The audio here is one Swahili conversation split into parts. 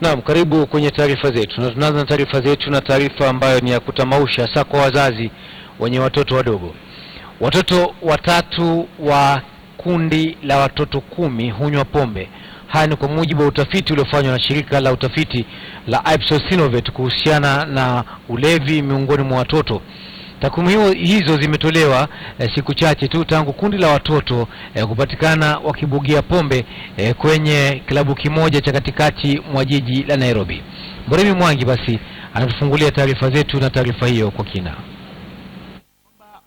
Naam, karibu kwenye taarifa zetu, na tunaanza na taarifa zetu na taarifa ambayo ni ya kutamausha, hasa kwa wazazi wenye watoto wadogo. Watoto watatu wa kundi la watoto kumi hunywa pombe. Haya ni kwa mujibu wa utafiti uliofanywa na shirika la utafiti la Ipsos Synovate kuhusiana na ulevi miongoni mwa watoto. Takwimu hizo zimetolewa e, siku chache tu tangu kundi la watoto e, kupatikana wakibugia pombe e, kwenye klabu kimoja cha katikati mwa jiji la Nairobi. Mboremi Mwangi basi anatufungulia taarifa zetu na taarifa hiyo kwa kina.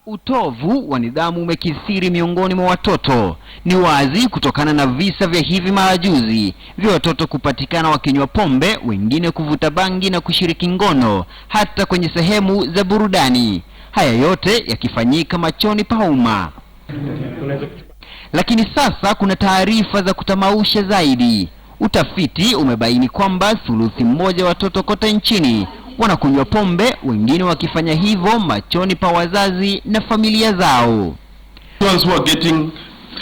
Utovu wa nidhamu umekithiri miongoni mwa watoto, ni wazi kutokana na visa vya hivi majuzi vya watoto kupatikana wakinywa pombe, wengine kuvuta bangi na kushiriki ngono hata kwenye sehemu za burudani. Haya yote yakifanyika machoni pa umma. Lakini sasa kuna taarifa za kutamausha zaidi. Utafiti umebaini kwamba thuluthi mmoja watoto kote nchini wanakunywa pombe, wengine wakifanya hivyo machoni pa wazazi na familia zao. Those who are getting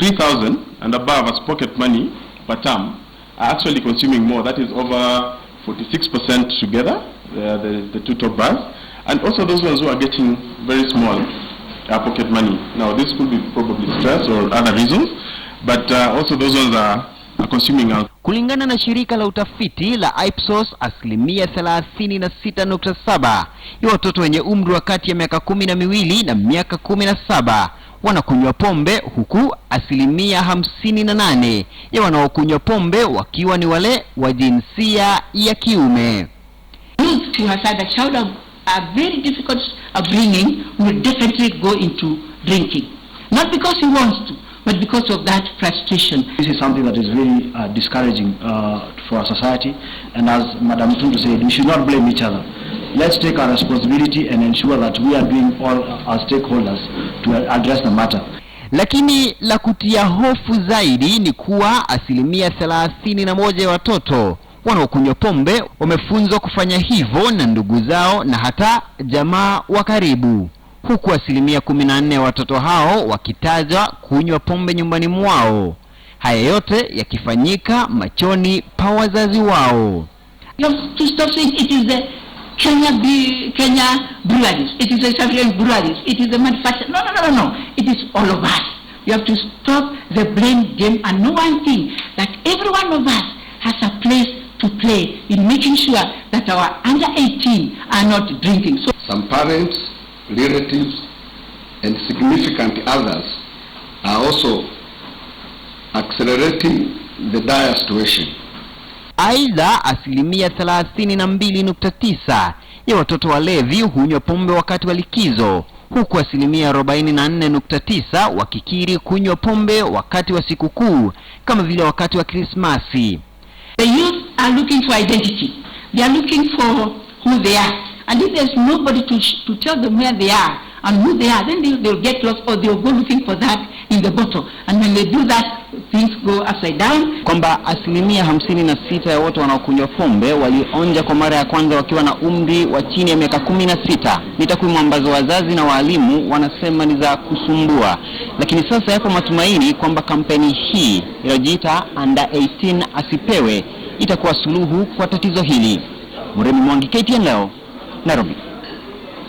3000 and above as pocket money per term are actually consuming more, that is over 46% together. Uh, the, the two top bars, and also those ones who are getting very small uh, pocket money. Now, this could be probably stress or other reasons, but uh, also those ones are, are consuming out. Kulingana na shirika la utafiti la Ipsos, asilimia 36.7 ya watoto wenye umri wa kati ya miaka kumi na miwili na miaka kumi na saba wanakunywa pombe huku asilimia hamsini na nane ya wanaokunywa pombe wakiwa ni wale wa jinsia ya kiume who has had a child of a very difficult upbringing will definitely go into drinking. Not because he wants to, but because of that frustration. This is something that is really uh, discouraging uh, for our society. And as Madam Tundu said, we should not blame each other. Let's take our responsibility and ensure that we are doing all our stakeholders to address the matter. Lakini la kutia hofu zaidi ni kuwa asilimia thelathini na moja ya watoto wanaokunywa pombe wamefunzwa kufanya hivyo na ndugu zao na hata jamaa wa karibu, huku asilimia kumi na nne ya watoto hao wakitajwa kunywa pombe nyumbani mwao, haya yote yakifanyika machoni pa wazazi wao. Kenya be, Kenya breweries. It is breweries. It is No, no, no, no, no. It is all of us. have to stop the blame game and one thing that every one of us has a place play in making sure that our under 18 are not drinking. So some parents, relatives, and significant others are also accelerating the dire situation. Aidha, asilimia 32.9 ya watoto walevi hunywa pombe wakati wa likizo huku asilimia 44.9 wakikiri kunywa pombe wakati wa sikukuu kama vile wakati wa Krismasi. The youth are looking for identity. They are looking for who they are. And if there's nobody to, sh- to tell them where they are and who they are, then they, they'll get lost or they'll go looking for that in the bottle. And when they do that, things go upside down. Kwamba asilimia hamsini na sita ya wote wanaokunywa pombe walionja kwa mara ya kwanza wakiwa na umri wa chini ya miaka kumi na sita. Ni takwimu ambazo wazazi na waalimu wanasema ni za kusumbua, lakini sasa yapo matumaini kwamba kampeni hii inayojiita Under 18 asipewe itakuwa suluhu kwa tatizo hili. Muremi Mwangi, KTN leo, Nairobi.